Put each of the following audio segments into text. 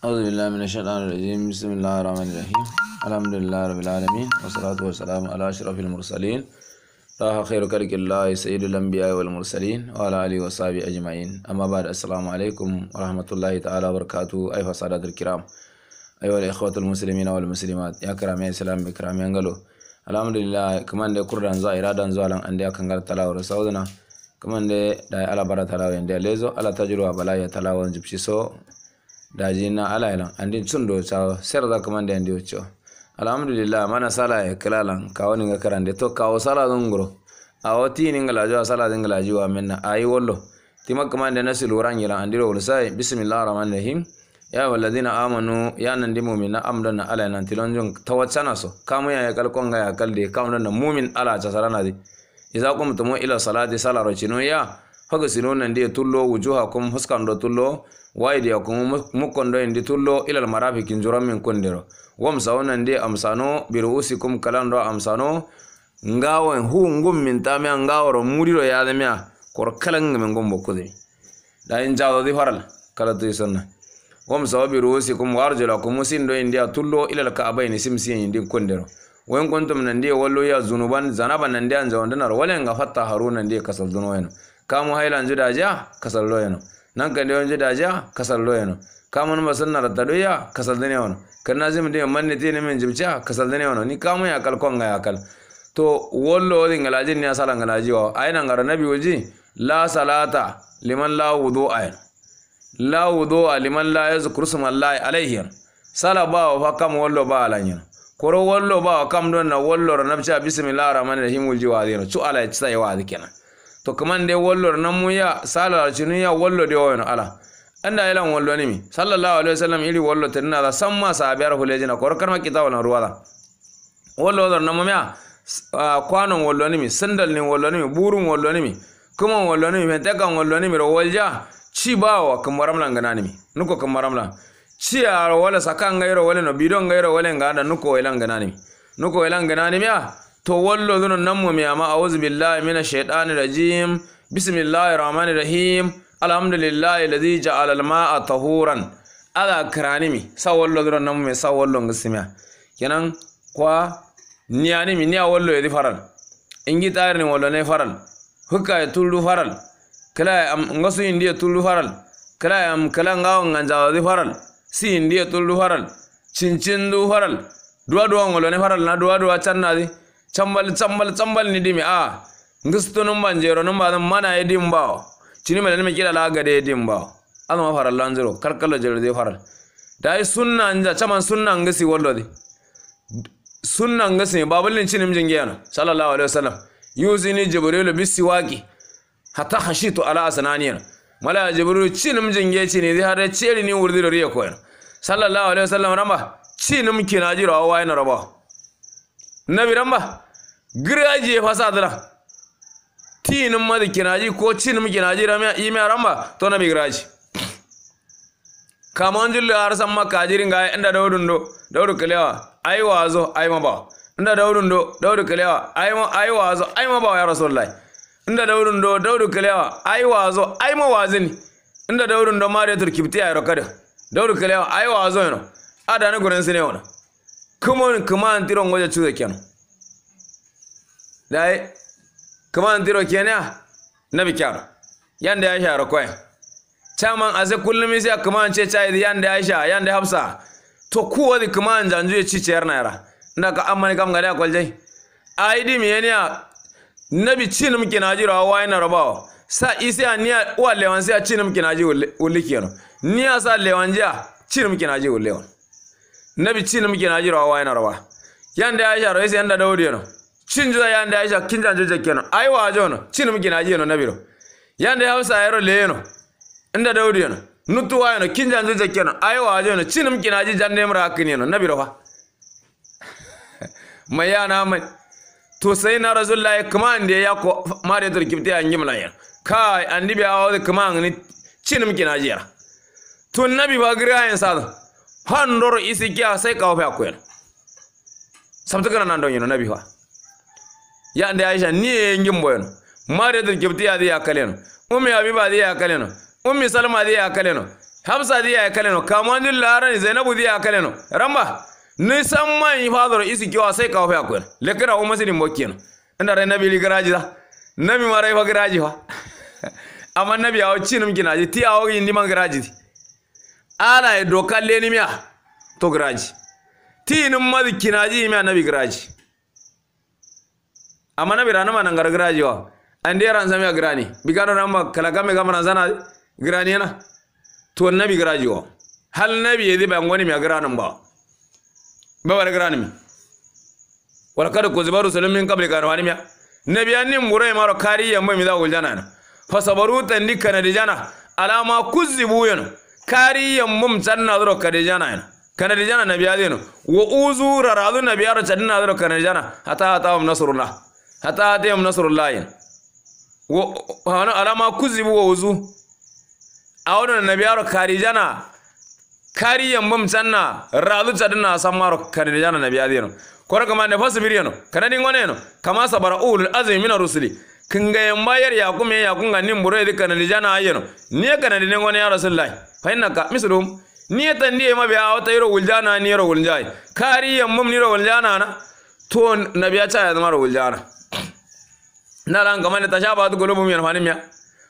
أعوذ بالله من الشيطان الرجيم بسم الله الرحمن الرحيم الحمد لله رب العالمين والصلاة والسلام على أشرف المرسلين طه خير كرك الله سيد الأنبياء والمرسلين وعلى آله وصحبه أجمعين أما بعد السلام عليكم ورحمة الله تعالى وبركاته أيها السادة الكرام أيها الإخوة المسلمين والمسلمات يا كرامي السلام بكرامي أنجلو الحمد لله كمان دي كردان زا إرادان زوالان أندي أكنغر تلاو رساودنا كمان دي داي ألا برا تلاو يندي ليزو ألا تجروا بلا يتلاو نجبشي سو na alayla andi sundo chawo serda kamande andi ucho alhamdulillah mana sala e kilalan kawo ga karande to kawo sala dungro awo ti ninga lajo sala dinga lajo amenna ayi wollo tima kamande nasil andi andiro sai bismillahir rahmanir rahim ya walladina amanu ya nan di mumin na amdan na ala nan tilon so kamu ya kal konga ya kal de kamu na mumin ala ta sarana di idza qumtum ila salati sala rocinu ya faga sinu nan de tullo wujuhakum huskan do tullo waidiyakum mukondo indi tullo ilal marafiki njura min kondiro wamsawo nandi amsano biruusikum kalando amsano ngawen hu ngum min tamia ngaworo muriro yademia kor kala ngamen gombo kudi dayin jadodi faral kala tuy sunna wamsawo biruusikum warjulakum musindo india tullo ilal kaabaini simsiyen indi kondiro wen kuntum nandi wallo ya zunuban zanaba nandi anjawandanaro walenga fatta haruna ndi kasal dunoyeno kamu haylanjudaja kasal loyeno Nan nankande on jodaja kasalloyeno kamon basalna rattaɗoya kasaldanewono kannasimi de mannetine min jimca kasaldanewono ni kamuya kal ya kal to wollo odi ngalaji ni asala ngalaji na ayna ngara nabi woji la salata liman la wudu ayen la wudu a liman la yazkuru sma llahi alayhi yen sala wa fa kam wollo ba alan yen koro wollo wa kam don na wolloro nabca bisimillahi rahmani rahim wulji waadi yeno cu ala e sayi waadi nan. to kaman ya wollor nammuya ya wallo dai woyno ala anda ne mi sallallahu alayhi wa sallam iri wollotirinada samma saabiyar ruwa koro karma da ruwada mu ya kwanon mi sandal ne mi burun mi mentakan wallo ne mi ro walja ci bawa ne mi nuko ramlan. ci ya wala sakan gairo wala no bidon gairo wala ngada nuko ne mi nuko elan gananimi a to wallo zunun nan mu miyama a wuzu billahi mina shaidani rajim bismillahi rahmani rahim alhamdulillahi lazi alalma a tahuran ala kiranimi sa wallo zunun nan mu mai sa wallo ngisimiya kenan kwa niyanimi niya wallo yadi faral ingi tayarni wallo ne faral hukka ya tullu faral kala am ngasu indiya tullu faral kala am kala wa nganjawadi faral si indiya tullu faral cincin du faral duwa duwa ngolo ne faral na duwa duwa zi. cambal cambal cambal ni dimi a ah. ngustu num banjero num badan mana e dimba cini melen me kila laga de e dimba alu ma faral lanjero karkalo jero de faral dai sunna anja chaman sunna ngasi di sunna ngasi babalin chini mjingena sallallahu alaihi wasallam yuzini jibril bisiwaki hatta khashitu ala asnaniyana mala jibril chini mjinge cini di hare cheri ni wurdiro riyo koyana sallallahu alaihi wasallam ramba chini mkinajiro awaina rabo na nabiranba giraje fasadra tinum da kinaji ko cinum kinaji ramya ime ramba to na har giraji kamonjullu arsamma ga inda dawdundo dawdu kalewa ai wazo ai ba inda daudun do daudu kalewa ai ma ai wazo ai ma ba ya rasulullahi inda daudun do daudu kalewa ai wazo ai ma wazini inda daudun do mare turkibti ya rokada daudu kalewa ai wazo no adana gurin sine wannan kumon kuman tiro ngoja chude kiano dai kuman tiro kiana nabi kiano yande aisha rokoy chaman aze kullum sai kuman ce chai yande aisha yande hafsa to kuwa di kuman janju ya cice yarna yara ndaka amani kam gada kwaljai aidi miyenia nabi chin mke najira wa ina rabawa sa isi a niya uwa lewansi a cin mke naji ulle niya sa lewanja cin mke naji ulle nabi cin nam gina jira wa yana rawa yanda ya jaro yan yanda dawdi yana cin jira yanda ya jaro kinjan jira kenan ai wa jono cin nam gina na nabi ro yanda ya hausa yaro le yana inda dawdi yana wa yana kinjan jira kenan ai wa jono cin nam gina jira janne mura hakan yana nabi ro fa mai yana mai to sai na rasulullahi kuma ande ya ko mare turkibta yan yimla yana kai andibi awo kuma ni cinum kina jira to nabi ba gira yan sa handoro isikia sai kawo fa ko samta kana nan don yino nabi wa ya nda aisha ni ngim boyno mari da gibti ya ya kaleno ummi habiba da ya kaleno salma da ya kaleno hamsa da ya larani zainabu da ya ramba ni samman ifadoro isikiwa sai kawo fa ko lekira umma sidin mokino ina rai nabi ligaraji da nabi marai fa garaji nabi awo cinum ginaji ti awo indi man garaji ya doka leni miya to giraji tinin madi kinaji miya nabi giraji amma nabi rana ma nangara giraji wa ande ran samiya girani bigano namba kala game gama ran sana girani yana to nabi giraji wa hal nabi yedi ban wani miya giranin ba babar girani mi wala kada ko zubaru sulumin kabli garwani miya nabi annin murai maro kari yamma mi za jana na fasabaru tandika na dijana alama kuzibu yana kari yammum channa adro karijana ina kanarijana zai wa uzu raradu na zuro adro kanarijana hata atahum nasrullah hata atahum nasrullah wa hano alama kuzibu wa uzu na nabiyaro karijana kari yammum channa radu na samaro zai nabiyadino kora kama ne fasbiriyano kanani ngoneno kama sabara ulul azmi na rusuli kinga yamba bayar ya kuma ya kunga nin buro idi kana lijana ni ya kana dine wani ya rasulullahi fa innaka mislum ya tan niya mabi a wata yiro wuljana ni yiro wuljai kari yammum ni yiro wuljana na to nabiya cha ya zama wuljana nalan ta tashabat qulubum yan miya.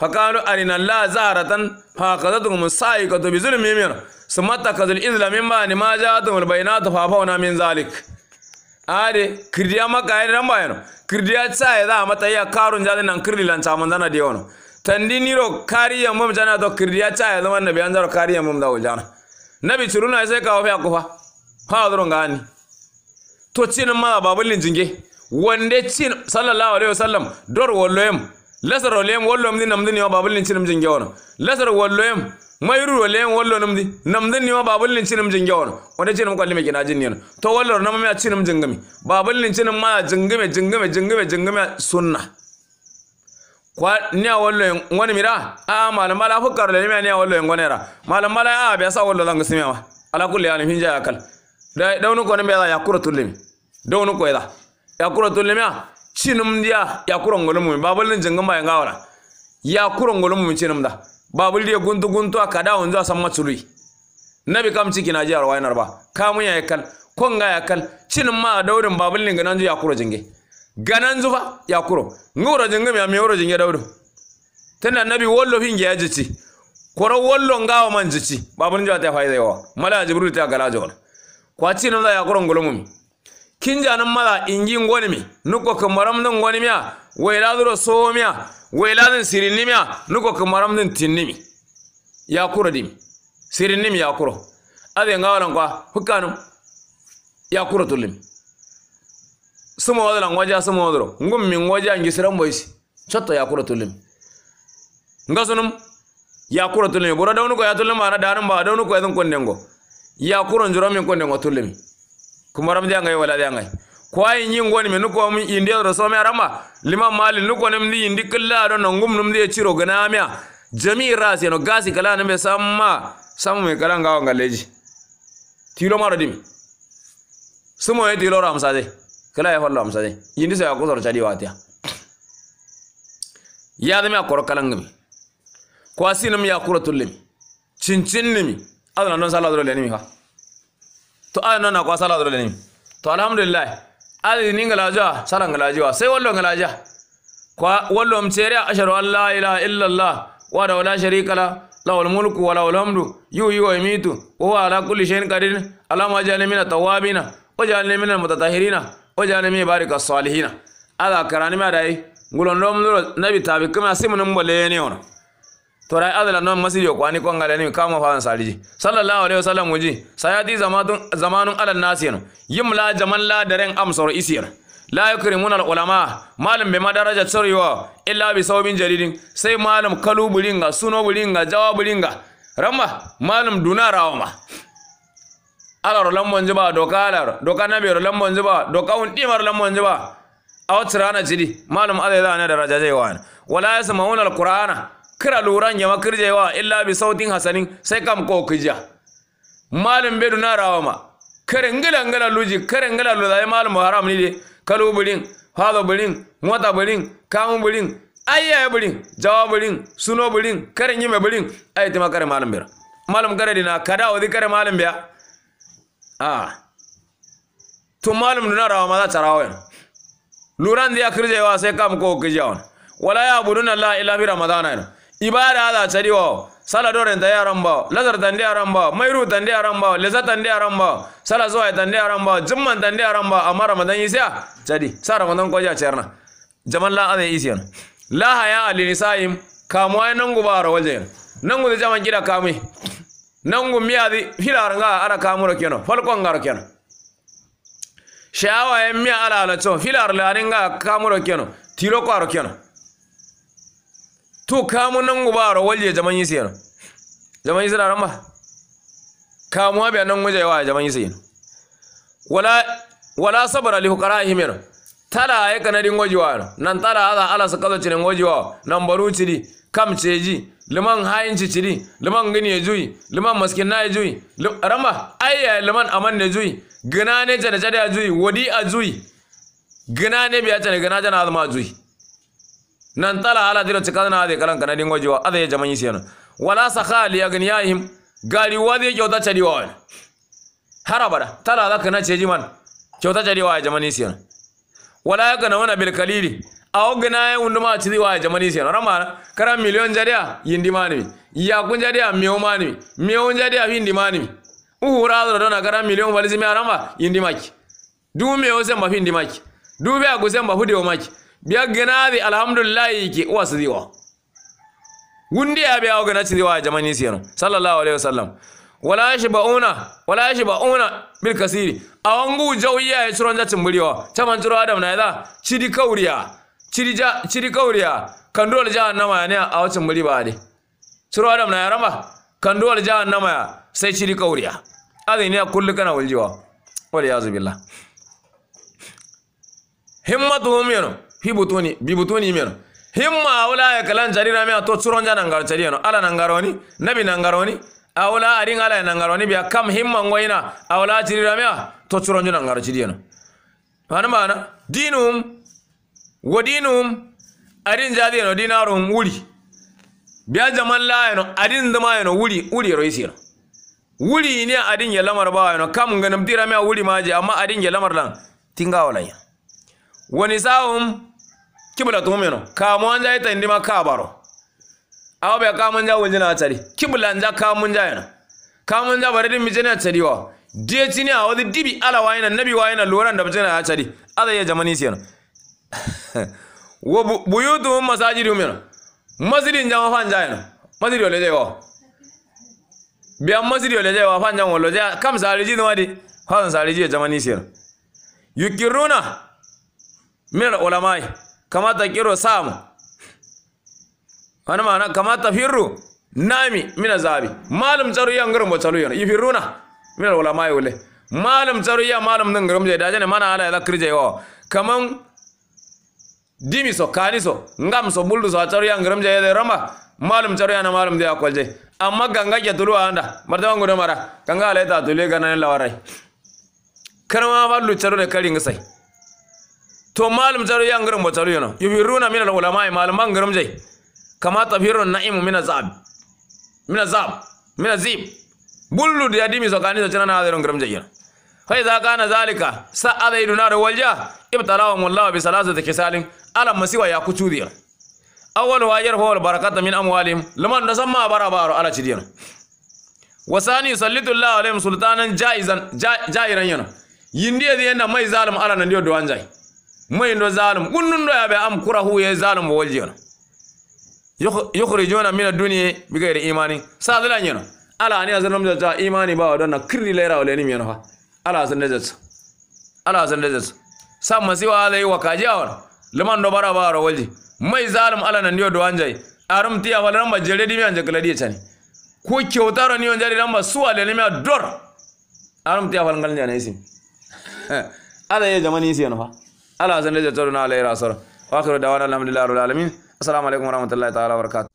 ya a arina la zaratan fa tobi sa'ikatu bi zulmi min sumata kadul islam min ba ni ma ja'atum al bayinatu fa fa'una min zalik ade kirdiya maka ya ramba yano kirdiya cha ya a mata iya karun jani nan kirdi lan chaman zana de yawano tandi niro kari ya mum jana to kirdiya cha ya zama nabi zaro kari ya mum da wajana nabi ya sai ka ofya kufa ha zuron gani to cin ma babulin jinge wande cin sallallahu alaihi wasallam dor yam lasar yam wallo din namdin yo babulin cin jinge wono lasar yam mayru le wallo namdi namdi niwa babal lin cinam jingawon wanda cinim kwalli gina jin jinniyan to wallo nam me cinim jingami babal lin cinim ma jingame jingame jingame jingame sunna kwa ni a wallo ngoni mira a malam mala fukar le ma ni a wallo ngoni ra malam mala a be sa wallo langa simewa ala kulli alim hinja yakal da dawnu ko ne be ya kuro tulimi dawnu ko da ya kuro tulimi a cinum dia ya kuro ngolum babal lin jingama ya ngawara ya kuro ngolum cinum da babulie guntu guntu akada a asamma tsului nabi kam ciki na jiyar wainar ba kamunya ya kal konga ya kal cinin ma a daurin ne ganan zu ya kuro jinge ganan zu fa ya kuro ngoro jinge mi ami oro jinge daudu tana nabi wallo fin ya jici koro wallo ngawo man jici ne ta faida yawa mala jibril ta gala jawal kwa cinin za ya kuro ngolomumi kinjanan mala ingi gonimi mi nuko kamaram nan gonimiya miya wai lazuro so miya wailadin sirinimia nuko kamaram din tinnimi yakuro dim sirinim yakuro ade ngawalan kwa ya yakuro tulim sumo wadala ngwaja sumo wadro ngum min ngwaja ngisiram boisi chotto yakuro tulim ya yakuro tulim gora da ko yatulim ana danum ba dawnu ko yadun kondengo yakuro njuro min kondengo tulim kumaram dia ngai wala dia ngai kwayin yin wani me nuko mun indiya do so me rama liman mali nuko nem ndi indi killa do no ngum num ndi ciro gana amia jami rasi no gasi kala ne be samma samu me kala ngawa ngaleji tilo maro dim sumo e tilo ram sade kala e hollo am sade yindi sa ko sor chadi watia ya da me akor kala ngami kwasi nam ya kura tullim cincin nimi adana non sala do le nimi ha to adana na kwa sala do le nimi to alhamdulillah ali ni ngalaja sara ngalaji wa sai wallo ngalaja kwa wallo mtere asharu alla ilaha illa allah wa la wala sharika la له الملك وله الحمد يحيي ويميت وهو على كل شيء قدير اللهم اجعلني من التوابين واجعلني من المتطهرين واجعلني من بارك الصالحين هذا كراني ما داي غولون لوم نبي تابي كما سيمن مبليني هنا to rai adala non masijo kwani kongale ni kama fa saliji sallallahu alaihi wasallam uji sayati zamanun zamanun alal nasir yimla jaman la daren amsar isir la yukrimuna al ulama malam be madaraja tsoriwa illa bi sawbin jaridin sai malam kalu bulinga suno bulinga jawabulinga ramma malam duna ma alar lambon jiba doka alar doka na biyar lambon jiba doka un dimar lambon jiba a wata rana jiri malam alai da ne da rajajewa wa wala yasmauna al qur'ana kira luran ya makirje wa illa bi sautin hasanin sai kam ko kija malam bedu na rawa ma kare ngila ngila luji kare ngila luza ya malam haram ni de kalu bulin hado bulin mota bulin kamun bulin ayya bulin jawa bulin suno bulin kare nyime bulin ayi tima kare malam bira malam kare dina kada wadi kare malam biya a to malam na rawa ma za ta rawa yana luran da ya kirje wa sai kam ko kija wala ya buduna la ila bi ramadana yana ibada ala sadiwa sala dore ta yaran ba lazar tande yaran ba mairu tande yaran ba leza tande yaran ba sala zuwa tande yaran ba jimman tande yaran ba amma ramadan yi siya jadi sa ramadan ko ciyar na. jaman la azai isiyan la haya alinisaim kamuwa nan guba ra wajen nan guda jaman gida kamai nan gu miyadi filaranga ara kamuro keno falkon ra keno Sha'awa 'yan miya ala ala to filar kamu kamuro keno tiro kwa aro keno to a rawar walje jaman yi siyan jaman yi siyan ran ba kamuwa biya nan waje a jaman yi siyan wala wala sabara li hukara himir tala ya kanadin yana nan tala ala ala su kazo cinin wa nan baru ciri kam ceji liman hayin ciri liman gini ya juyi liman maskin na ya juyi ramba ayya liman aman ne juyi gina ne cana cana ya juyi wadi a juyi gina ne biya cana gina cana azuma juyi nan tala ala dira ci na ade kalan kana dingo jiwa ade jaman yi siyana wala ya li agniyahim gari wadi kyauta cadi wa har abada tala ala kana ce jiman kyauta cadi wa jaman yi siyana wala ya kana wana bil kalili a ogana ya wundu ma cidi wa jaman yi siyana rama kara miliyon jariya yindi mani. ya kun jariya miyo manimi miyo jariya yindi manimi uhura da dona kara miliyon balisi mi aramba yindi maki du miyo sen ba hindi maki du be agusen ba hudewo maki biaggenaɓe alhamdulillahi ke uwa sidiwa gundi gina awo gana a jamani yano. sallallahu alaihi wasallam wala ba'una, wala ba'una bil kasiri wangu jawiya ya churon jacin buriwa Caman ciro adam na yada ciri kauriya chidi ja chidi kauriya kandol na ya ne a wacin buri ba ne ciro adam na yaramba kandol na ya sai ciri kauriya ne ya kulli kana waljiwa wal yazu billah himmatuhum yano hibutuni bibutuni mena himma awla ya kalan jarira me to churonja nangar no ala nangaroni nabi nangaroni awla arin ala nangaroni biya kam himma ngoina awla jarira me to churonja nangar chariano mana mana dinum wa dinum arin no dinarum wuli biya jaman no arin zama yano wuri wuri roisi yano wuri ne arin ya lamar ba yano kam ganam dira mai wuri maji amma arin ya lamar lan tinga walan ya wani sa'um kibla meno ka mwanja ita ndima kabaro awabe ka mwanja wunjina atari kibla anja ka mwanja yana ka mwanja baridi mijina atari wa diye chini a wadi dibi ala waina nabi wayina lura da bijina atari ada ya jamani yana wo buyutu masajidi umeno masjidi njama fanja yana masiri oleje jayo biyan masiri oleje jayo fanja kam sariji nwadi fasan sariji ya jamani siyana yukiruna min al ulamai kamata kiro samu wani ma'ana kamata tafirru nami mina zabi malum tsaru yan garin ba tsaru yan ifiruna min ulama wule malum tsaru yan malum nan garin je dajane mana ala ya kirje yo kaman dimi so kani so ngam so buldu so tsaro yan garin je da rama malum tsaru yan malum da akwalje amma ganga ke tulu anda martaban gudu mara ganga ala ta tule ganan lawarai karma wallu tsaru da to malum zaru yang garam bataru yana yubiruna min ulama malaman garin jai kama tafirun na'imu mina azab mina azab mina zib bullu da yadimi sokani da na hazirun garam jai yana fa idza kana zalika sa'ada iduna da walja ibtalahum Allah bi salasati kisalin ala masiwa ya kucuriya awwalu wajar fa wal barakata min amwalihim liman da samma bara baro ala cidiyan wasani sallitu Allah alaihim sultanan jaizan jairan yana yindi yana mai zalim ala nan diyo duwan jai moyindo zalum gunnundo yaɓe am kurahu ye zalum wo woljiyona yukhrijuna min aduniya bigayri imani sadala nyeno ala ani azanum jata imani ba wadana kirri lera wale ni miyano ha ala azan dezat ala azan dezat sam masiwa ala iwa wakaja wana liman do bara bara waji mai zalim ala na niyo do anjai arum tiya wala namba jere di mi anja gladi tani ko kewtaro niyo onjari namba suwa le ni mi dor arum tiya wala ngalinja na isim ala ye jamani isi yana ha Allah zan da tsaro na alayhi rasar wa akhiru dawana alhamdulillahi rabbil alamin assalamu alaikum warahmatullahi ta'ala wabarakatuh